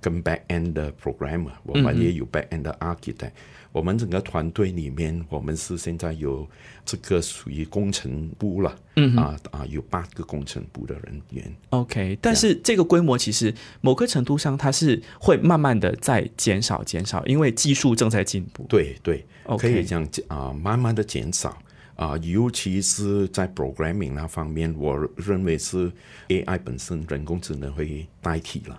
跟 back end programmer，我們也有 back end architect。嗯哼。我們整個團隊裏面，我們是現在有這個屬於工程部了。嗯哼。啊啊，有八個工程部的人員。Okay，但是這個規模其實某個程度上，它是會慢慢的在減少減少，因為技術正在進步。對對，對。Okay. 可以這樣講啊、呃，慢慢的減少啊、呃，尤其是在 programming 那方面，我認為是 AI 本身人工智能會代替了。